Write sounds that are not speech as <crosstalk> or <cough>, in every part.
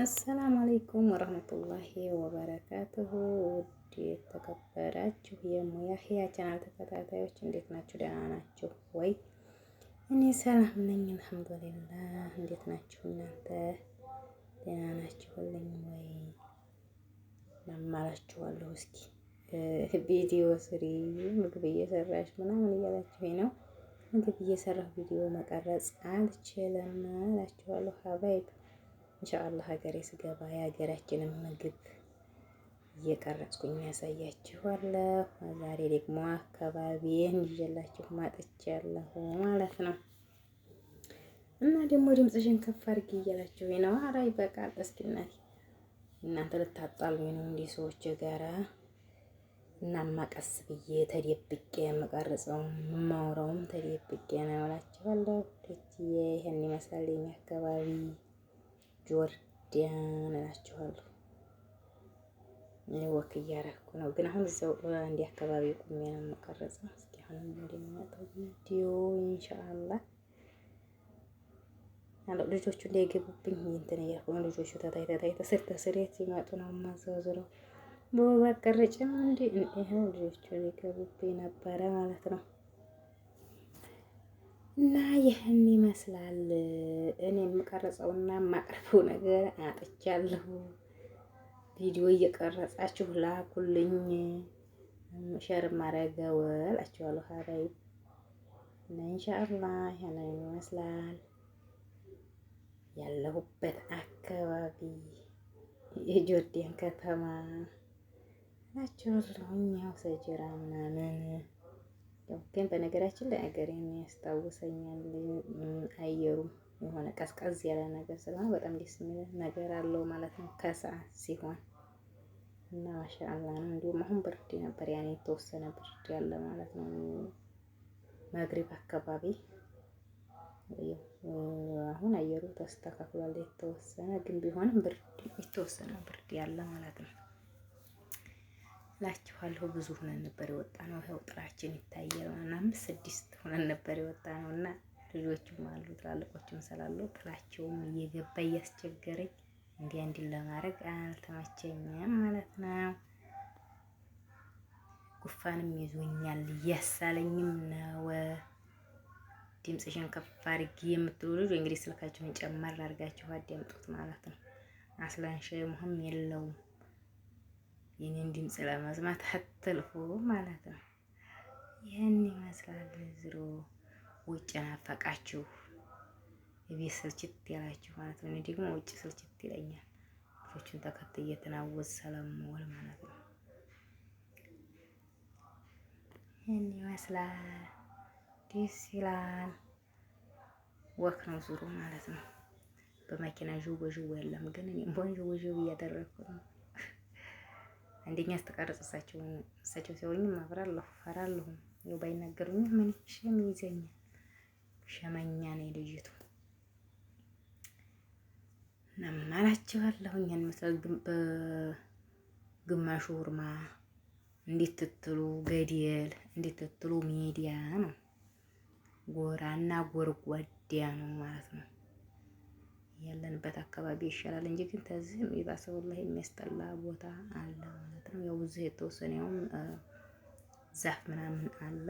አሰላም አለይኩም ወረህመቱላሂ ወበረካቱሁ። ውድ የተከበራችሁ የሙያ ህያ ቻናል ተከታታዮች እንዴት ናችሁ? ደህና ናችሁ ወይ? እኔ ሰላም ነኝ አልሐምዱሊላህ። እንዴት ናችሁ እናንተ? ደህና ናችሁልኝ ወይ? ለማላችኋለሁ እስኪ ቪዲዮ ስሪ ምግብ እየሰራሽ ምናምን እያላችሁ ነው። ምግብ እየሰራሁ ቪዲዮ መቀረጽ አልችልም እላችኋለሁ ሀባይብ ኢንሻአላህ ሀገሬ ስገባ የሀገራችንን ምግብ እየቀረጽኩኝ ያሳያችኋለሁ። ዛሬ ደግሞ አካባቢን ይዤላችሁ መጥቻለሁ ማለት ነው። እና ደግሞ ድምጽሽን ከፍ አድርጊ እያላችሁ ነው። ኧረ ይበቃል። እስኪ እናንተ ልታጣሉ ነው እንዲ ሰዎች ጋራ። እናማ ቀስ ብዬ ተደብቄ የምቀርጸው የማውራውም ተደብቄ ነው እላችኋለሁ። ይህን ይመስላል የኛ አካባቢ ጆርዳን እላችኋለሁ። ወክ እያረኩ ነው፣ ግን አሁን እዛው እንዲህ አካባቢ ቁሜ ነው የምቀረጸው። እስኪ አሁን እንደሚመጣው ቪዲዮ ኢንሻአላህ አለው። ልጆቹ እንዳይገቡብኝ እንትን እያልኩ ነው። ልጆቹ ተታይ ተታይ ተስር ተስር የት ሲመጡ ነው የማዘዋዝረው። በመቀረጫ እንዲ ይኸው ልጆቹ ሊገቡብኝ ነበረ ማለት ነው። እና ይህን ይመስላል። እኔ የምቀርጸውና የማቀርበው ነገር አጥቻለሁ። ቪዲዮ እየቀረጻችሁ ላኩልኝ፣ ሸር ማረገው እላችኋለሁ። ሀረይ እና ኢንሻአላህ ይመስላል ያለሁበት አካባቢ የጆርዳን ከተማ ናቸው። ያው ሰጀራ ምናምን ያው ግን በነገራችን ላይ አገሬን የሚያስታውሰኛል አየሩም የሆነ ቀዝቀዝ ያለ ነገር ስለሆነ በጣም ደስ የሚል ነገር አለው ማለት ነው ከሰዓት ሲሆን እና ማሻአላ ነው። እንዲሁም አሁን ብርድ ነበር፣ ያኔ የተወሰነ ብርድ ያለ ማለት ነው። መግሪብ አካባቢ አሁን አየሩ ተስተካክሏል የተወሰነ ግን ቢሆንም ብርድ የተወሰነ ብርድ ያለ ማለት ነው። ላችኋለሁ። ብዙ ሆነን ነበር የወጣ ነው። ይኸው ጥራችን ይታያል። አምስት ስድስት ሆነን ነበር የወጣ ነው እና ልጆችም አሉ ትላልቆችም ስላሉ ጥላቸውም እየገባ እያስቸገረኝ እንዲያ እንዲን ለማድረግ አልተመቸኝም ማለት ነው። ጉፋንም ይዞኛል እያሳለኝም ነው። ድምፅሽን ከፍ አድርጊ የምትሉ ልጅ እንግዲህ ስልካችሁን ጨመር አድርጋችሁ አዳምጡት ማለት ነው። አስላንሽ መሆን የለውም። የኔን ድምፅ ለመስማት አትልፉ ማለት ነው። ይህን ይመስላል። ዝሮ ውጭ ናፈቃችሁ የቤት ስልችት ያላችሁ ማለት ነው። እኔ ደግሞ ውጭ ስልችት ይለኛል። ልጆቹን ተከትዬ እየተናወዝ ስለምውል ማለት ነው። ይህን ይመስላል። ደስ ይላል። ወክ ነው ዙሩ ማለት ነው። በመኪና ዥው በዥው የለም ግን እኔም ቦን ዥው እያደረግኩ ነው። አንደኛ አስተቀረጽ እሳቸውን እሳቸው ሲሆኝም አብራለሁ ፈራለሁም ይኸው ባይናገሩኝ ምን ሸም ይዘኛል። ሸመኛ ነው ልጅቱ ናምናላችኋለሁ እኛን በግማሹ ውርማ እንዲትትሉ ትትሉ ገደል እንዴት ሜዲያ ነው ጎራና ጎርጓዳ ነው ማለት ነው። ያለንበት አካባቢ ይሻላል እንጂ ግን ተዚህም የባሰ ወላሂ የሚያስጠላ ቦታ አለ ማለት ነው። ያው እዚህ የተወሰነውም ዛፍ ምናምን አለ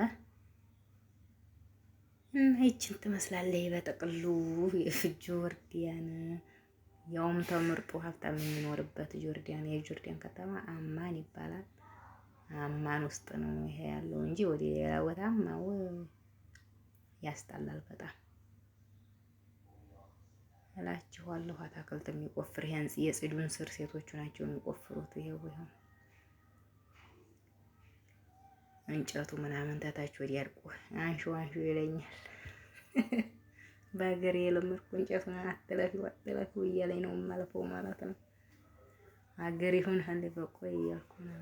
እና ይችን ትመስላለህ በጠቅሉ የፍጆ ወርዲያን ያውም ተምርጦ ሀብታም የሚኖርበት ጆርዲያን የጆርዲያን ከተማ አማን ይባላል። አማን ውስጥ ነው ይሄ ያለው እንጂ ወደ ሌላ ቦታም ያስጠላል በጣም። እላችኋለሁ። አታክልት የሚቆፍር ይሄን የጽዱን ስር ሴቶቹ ናቸው የሚቆፍሩት። ይሄው ይሄው እንጨቱ ምናምን ተታች ወዲያ አድርቆ አንሹ አንሹ ይለኛል። <laughs> በሀገር የለመድኩ እንጨቱን አትለፊው አትለፊው እያለኝ ነው የማልፈው ማለት ነው። አገር ይሁን አንድ በቆይ እያልኩ ነው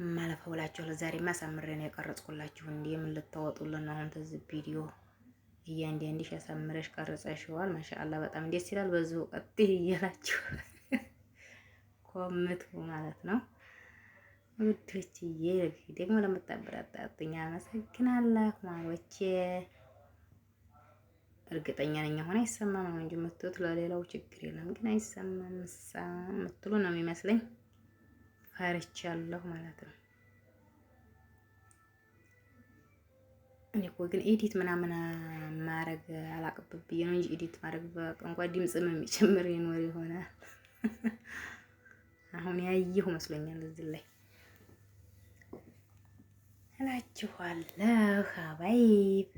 የማልፈው እላችኋለሁ። ዛሬ ማሳምሬ ነው የቀረጽኩላችሁ። እንዲህ ምን ልታወጡልን አሁን ተዚህ ቪዲዮ እያንዳንድሽ አሳምረሽ ቀርጸሽዋል። ማሻአላ በጣም ደስ ይላል። በዚህ ወቅት እያላችሁ <laughs> ኮምቱ ማለት ነው ውዶችዬ። ደግሞ ለምታበረታቱኝ አመሰግናለሁ። ማሮቼ እርግጠኛ ነኝ አሁን አይሰማም ነው እንጂ የምትሉት ለሌላው ችግር የለም ግን አይሰማም ሳ የምትሉ ነው የሚመስለኝ። ፈርቻለሁ ማለት ነው። እኔ እኮ ግን ኤዲት ምናምን ማድረግ አላቅብብ ብዬ ነው እንጂ ኤዲት ማድረግ በቋንቋ ድምፅም የሚጨምር ይኖር ይሆናል። አሁን ያየሁ መስሎኛል እዚህ ላይ እላችኋለሁ። አባይብ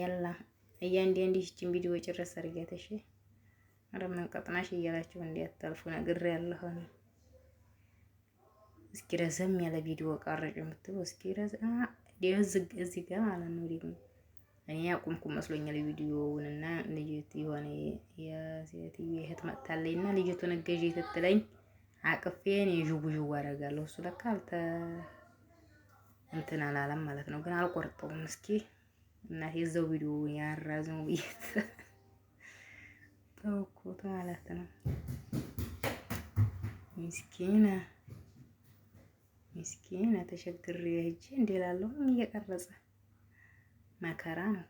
ያላ እያንዴ እንዲህ ቪዲዮ ጭረስ አድርጊያተሽ ረምን ቀጥናሽ እያላችሁ እንዲያታልፉ ነግሬ ያለሆነ እስኪ ረዘም ያለ ቪዲዮ ቀረጭ የምትሉ እስኪ ረዘም እዚህ ጋር ማለት ነው ደግሞ እኔ ያቁምኩ መስሎኛል ቪዲዮውን እና ልጅት የሆነ የሴትዮ እህት መጥታለኝ እና ልጅቱን እገዢ ትትለኝ አቅፌ እኔ አደርጋለሁ። እሱ ለካ አልተ እንትን አላለም ማለት ነው። ግን አልቆርጠውም። እስኪ እናቴ እዛው ቪዲዮ ያራዝሙ ብዬት ተውኩት ማለት ነው። ምስኪና ምስኪና ተሸግሬ ሂጅ እንዴ እየቀረጸ መከራ ነው።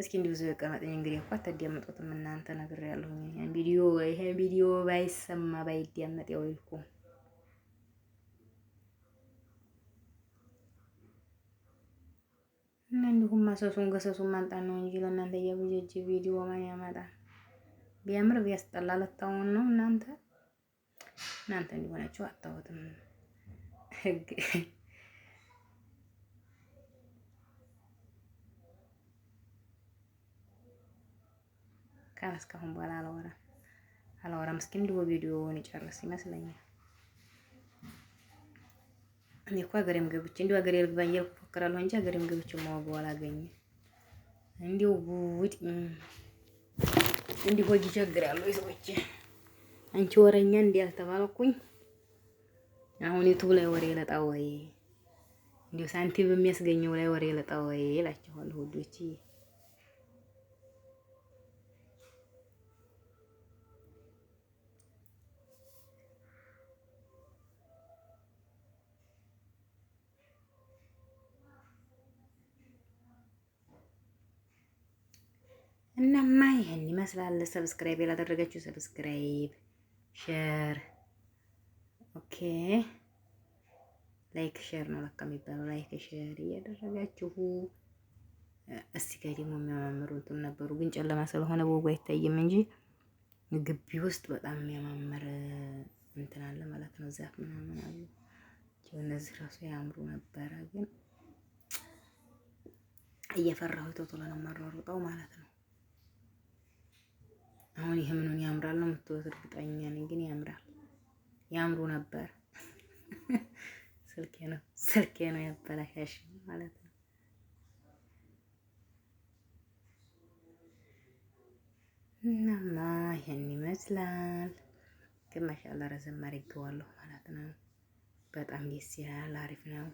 እስኪ እንዲሁ ዘ ቀመጠኝ እንግዲህ እንኳ አታዳምጡትም እናንተ ነገር ያለሁ ቪዲዮ ይሄ ቪዲዮ ባይሰማ ባይዳመጥ ያው ይልኩ እና እንዲሁም ማሰሱን ገሰሱን ማምጣት ነው እንጂ ለእናንተ እያጎጀጅ ቪዲዮ ማን ያመጣል? ቢያምር ቢያስጠላ ለታውን ነው እናንተ እናንተ እንዲሆናችሁ አታወትም ህግ ካል እስካሁን በኋላ አላወራም አላወራም። እስኪ እንዲሁ ቪዲዮውን ይጨርስ ይመስለኛል። እኔ እኮ ሀገሬም ገብቼ እንዲሁ ሀገሬ ልግባ እያልኩ እፎክራለሁ እንጂ ሀገሬም ገብቼ ማወገው አላገኘም። እንዲሁ ጉጥ እንዲሁ ወጊ ቸግር ያለው አንቺ ወረኛ እንዲህ ያልተባለኩኝ አሁን ዩቱብ ላይ ወሬ ለጣ ወይ እንዲሁ ሳንቲም የሚያስገኘው ላይ ወሬ ለጣ እላችኋለሁ ውዶቼ። እናማ ይህን ይመስላል። ሰብስክራይብ ያላደረጋችሁ ሰብስክራይብ፣ ሼር፣ ኦኬ ላይክ ሼር ነው ለካ የሚባለው። ላይክ ሼር እያደረጋችሁ እስቲ ጋር ደግሞ የሚያማምሩ እንትን ነበሩ፣ ግን ጨለማ ስለሆነ በወጉ አይታይም እንጂ ግቢ ውስጥ በጣም የሚያማምር እንትን አለ ማለት ነው። ዛፍ ምናምን አሉ። እነዚህ ራሱ ያምሩ ነበረ፣ ግን እየፈራሁ ቶሎ ነው የማሯሩጠው ማለት ነው። አሁን ይሄ ምኑን ያምራል ነው የምትወት? እርግጠኛ ነኝ ግን ያምራል። ያምሩ ነበር። <laughs> ስልኬ ነው ስልኬ ነው ያበላሻሽ ማለት ነው። እናማ ይሄን ይመስላል። ግን ማሻአላ ረዘም አድርጌዋለሁ ማለት ነው። በጣም ደስ ይላል። አሪፍ ነው።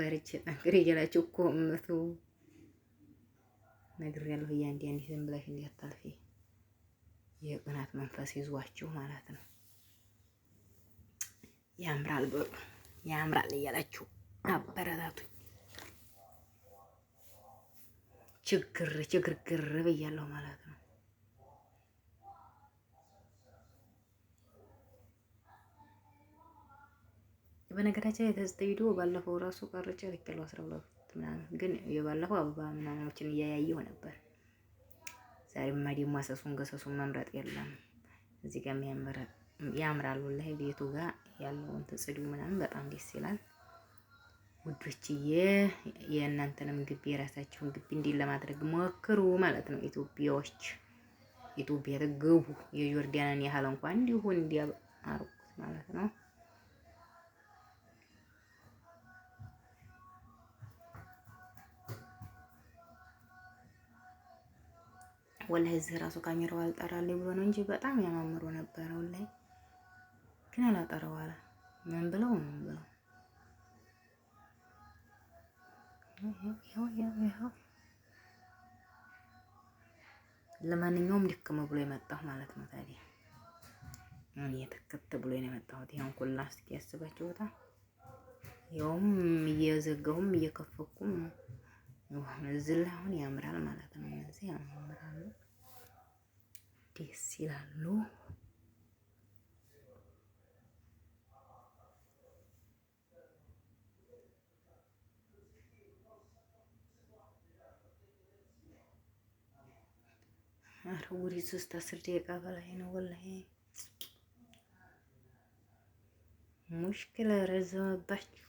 በርቼ ጠንክሬ እያላችሁ እኮ እምቱ ነግሬያለሁ። እያንዳንድ ዝም ብለሽ እንዲያታልፊ የቅናት መንፈስ ይዟችሁ ማለት ነው። ያምራል በሉ ያምራል እያላችሁ አበረታቱኝ። ችግር ችግርግር ብያለሁ ማለት ነው። በነገራችን የተዘጠ ቪዲዮ ባለፈው ራሱ ቀርጬ ልኬለው አስራ ሁለት ምናምን ግን የባለፈው አበባ ምናምኖችን እያያየሁ ነበር። ዛሬማ ደግሞ አሰሱን ገሰሱን መምረጥ የለም። እዚህ ጋር ያምራል። ወላሂ ቤቱ ጋር ያለውን ጽዱ ምናምን በጣም ደስ ይላል። ውዶችዬ የእናንተንም ግቢ የራሳችሁን ግቢ እንዲህ ለማድረግ ሞክሩ ማለት ነው። ኢትዮጵያዎች ኢትዮጵያ ተገቡ የጆርዳንን ያህል እንኳን እንዲሆን እንዲያ አርጉት ማለት ነው። ወላሂ እዚህ ራሱ ካሜራው አልጠራልኝ ብሎ ነው እንጂ በጣም ያማምሩ ነበረ። ወላሂ ግን አላጠራው አለ። ምን ብለው ምን ብለው ለማንኛውም ድክም ብሎ የመጣሁ ማለት ነው። ታዲያ እኔ የተከተ ብሎ ነው የመጣሁት። ይሄን ኩላስ እስኪ ያስባችሁታ። ያውም እየዘጋሁም እየከፈኩም የሆነ እዚህ ላይ አሁን ያምራል ማለት ነው። እነዚህ ያምራሉ፣ ደስ ይላሉ። አረ ውሪ ሶስት አስር ደቂቃ በላይ ነው ወላሂ ሙሽክል ረዘመባችሁ።